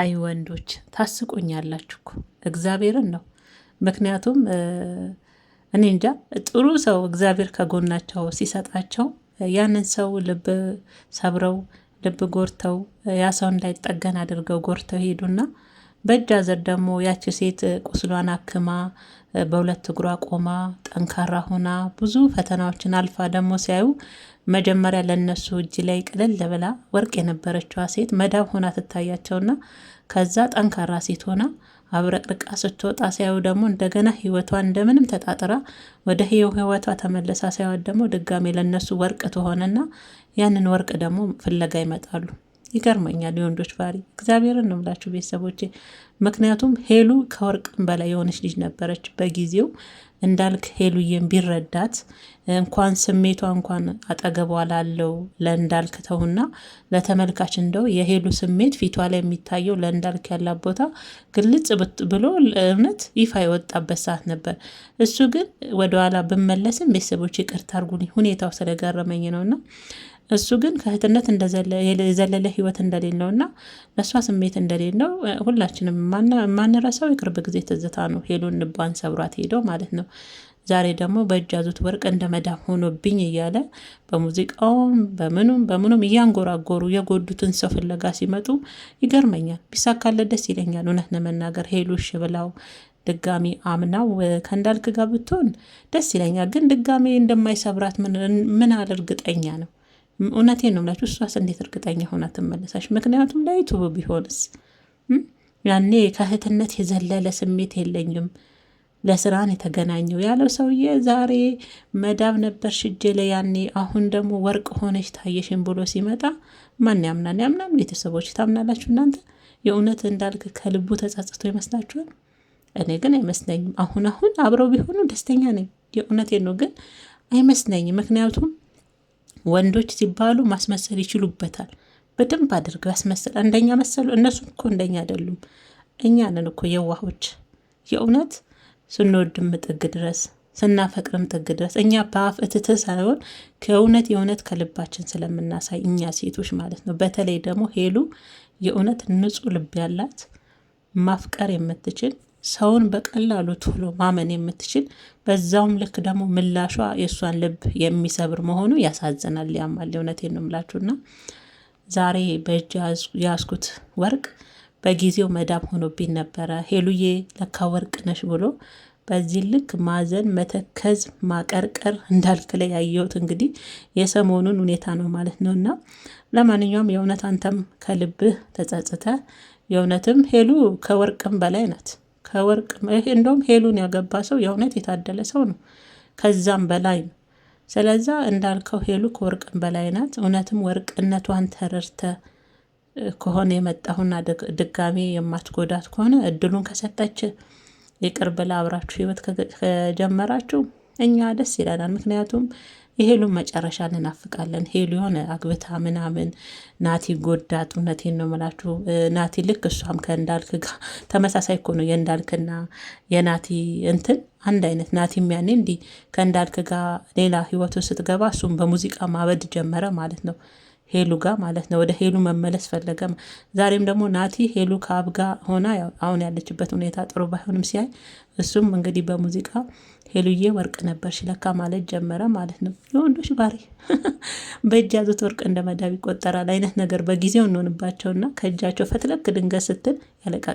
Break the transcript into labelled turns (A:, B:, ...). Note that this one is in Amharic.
A: አይ ወንዶች ታስቆኛላችሁ እኮ እግዚአብሔርን ነው። ምክንያቱም እኔ እንጃ ጥሩ ሰው እግዚአብሔር ከጎናቸው ሲሰጣቸው ያንን ሰው ልብ ሰብረው ልብ ጎርተው ያ ሰው እንዳይጠገን አድርገው ጎርተው ሄዱና በእጅ አዘር ደግሞ ያቺ ሴት ቁስሏን አክማ በሁለት እግሯ ቆማ ጠንካራ ሆና ብዙ ፈተናዎችን አልፋ ደግሞ ሲያዩ መጀመሪያ ለነሱ እጅ ላይ ቅልል ብላ ወርቅ የነበረችዋ ሴት መዳብ ሆና ትታያቸውና ከዛ ጠንካራ ሴት ሆና አብረቅርቃ ስትወጣ ሲያዩ ደግሞ እንደገና ህይወቷ እንደምንም ተጣጥራ ወደ ህይወቷ ተመለሳ ሲያዩት ደግሞ ድጋሜ ለነሱ ወርቅ ትሆነና ያንን ወርቅ ደግሞ ፍለጋ ይመጣሉ። ይገርመኛል የወንዶች ባህሪ። እግዚአብሔርን ነው የምላችሁ ቤተሰቦቼ። ምክንያቱም ሄሉ ከወርቅም በላይ የሆነች ልጅ ነበረች በጊዜው እንዳልክ ሄሉዬን ቢረዳት እንኳን ስሜቷ እንኳን አጠገቧ ላለው ለእንዳልክ ተውና ለተመልካች እንደው የሄሉ ስሜት ፊቷ ላይ የሚታየው ለእንዳልክ ያላት ቦታ ግልጽ ብሎ እውነት ይፋ የወጣበት ሰዓት ነበር። እሱ ግን ወደኋላ ብመለስም ቤተሰቦች ይቅርታ አድርጉልኝ ሁኔታው ስለገረመኝ ነውና እሱ ግን ከእህትነት የዘለለ ህይወት እንደሌለው እና ለእሷ ስሜት እንደሌለው ሁላችንም የማንረሳው የቅርብ ጊዜ ትዝታ ነው። ሄሉን ልቧን ሰብሯት ሄደው ማለት ነው። ዛሬ ደግሞ በእጅ ያዙት ወርቅ እንደ መዳም ሆኖብኝ እያለ በሙዚቃውም በምኑም በምኑም እያንጎራጎሩ የጎዱትን ሰው ፍለጋ ሲመጡ ይገርመኛል። ቢሳካለት ደስ ይለኛል። እውነት ለመናገር ሄሉ እሺ ብላው ድጋሚ አምናው ከእንዳልክ ጋር ብትሆን ደስ ይለኛል። ግን ድጋሚ እንደማይሰብራት ምን ያህል እርግጠኛ ነው? እውነቴ ነው የምላችሁ። እሷስ እንዴት እርግጠኛ ሆና ትመለሳች? ምክንያቱም ላይቱብ ቢሆንስ ያኔ ከእህትነት የዘለለ ስሜት የለኝም ለስራን የተገናኘው ያለው ሰውዬ ዛሬ መዳብ ነበር ሽጀለ ያኔ፣ አሁን ደግሞ ወርቅ ሆነች ታየሽን ብሎ ሲመጣ ማን ያምናል? ያምናል? ቤተሰቦች ታምናላችሁ እናንተ? የእውነት እንዳልክ ከልቡ ተጸጽቶ ይመስላችኋል? እኔ ግን አይመስለኝም። አሁን አሁን አብረው ቢሆኑ ደስተኛ ነኝ። የእውነቴ ነው ግን አይመስለኝም ምክንያቱም ወንዶች ሲባሉ ማስመሰል ይችሉበታል። በደንብ አድርገው ያስመስል። እንደኛ መሰሉ? እነሱ እኮ እንደኛ አይደሉም። እኛ ነን እኮ የዋሆች የእውነት ስንወድም ጥግ ድረስ ስናፈቅርም ጥግ ድረስ እኛ በአፍ እትት ሳይሆን ከእውነት የእውነት ከልባችን ስለምናሳይ እኛ ሴቶች ማለት ነው። በተለይ ደግሞ ሄሉ የእውነት ንጹሕ ልብ ያላት ማፍቀር የምትችል ሰውን በቀላሉ ቶሎ ማመን የምትችል በዛውም ልክ ደግሞ ምላሿ የእሷን ልብ የሚሰብር መሆኑ ያሳዝናል፣ ያማል። እውነቴን ነው የምላችሁና ዛሬ በእጅ ያስኩት ወርቅ በጊዜው መዳብ ሆኖብኝ ነበረ። ሄሉዬ ለካ ወርቅ ነሽ ብሎ በዚህ ልክ ማዘን፣ መተከዝ፣ ማቀርቀር እንዳልክ ላይ ያየሁት እንግዲህ የሰሞኑን ሁኔታ ነው ማለት ነው። እና ለማንኛውም የእውነት አንተም ከልብህ ተጸጽተ የእውነትም ሄሉ ከወርቅም በላይ ናት። ከወርቅ ይሄ እንደውም ሄሉን ያገባ ሰው የእውነት የታደለ ሰው ነው። ከዛም በላይ ነው። ስለዛ እንዳልከው ሄሉ ከወርቅም በላይ ናት። እውነትም ወርቅነቷን ተረድተ ከሆነ የመጣሁና ድጋሜ የማትጎዳት ከሆነ እድሉን ከሰጠች ይቅር ብላ አብራችሁ ህይወት ከጀመራችሁ እኛ ደስ ይለናል። ምክንያቱም የሄሉን መጨረሻ እንናፍቃለን። ሄሉ የሆነ አግብታ ምናምን ናቲ ጎዳት። እውነቴን ነው የምላችሁ ናቲ ልክ እሷም ከእንዳልክ ጋር ተመሳሳይ እኮ ነው የእንዳልክና የናቲ እንትን አንድ አይነት ናቲም ያኔ እንዲህ ከእንዳልክ ጋር ሌላ ህይወቱን ስትገባ እሱም በሙዚቃ ማበድ ጀመረ ማለት ነው። ሄሉ ጋር ማለት ነው። ወደ ሄሉ መመለስ ፈለገ። ዛሬም ደግሞ ናቲ ሄሉ ከአብ ጋር ሆና አሁን ያለችበት ሁኔታ ጥሩ ባይሆንም ሲያይ እሱም እንግዲህ በሙዚቃ ሄሉዬ ወርቅ ነበርሽ ለካ ማለት ጀመረ ማለት ነው። የወንዶች ባህሪ በእጅ ያዙት ወርቅ እንደ መዳብ ይቆጠራል አይነት ነገር በጊዜው እንሆንባቸውና ከእጃቸው ፈትለክ ድንገት ስትል ያለቃ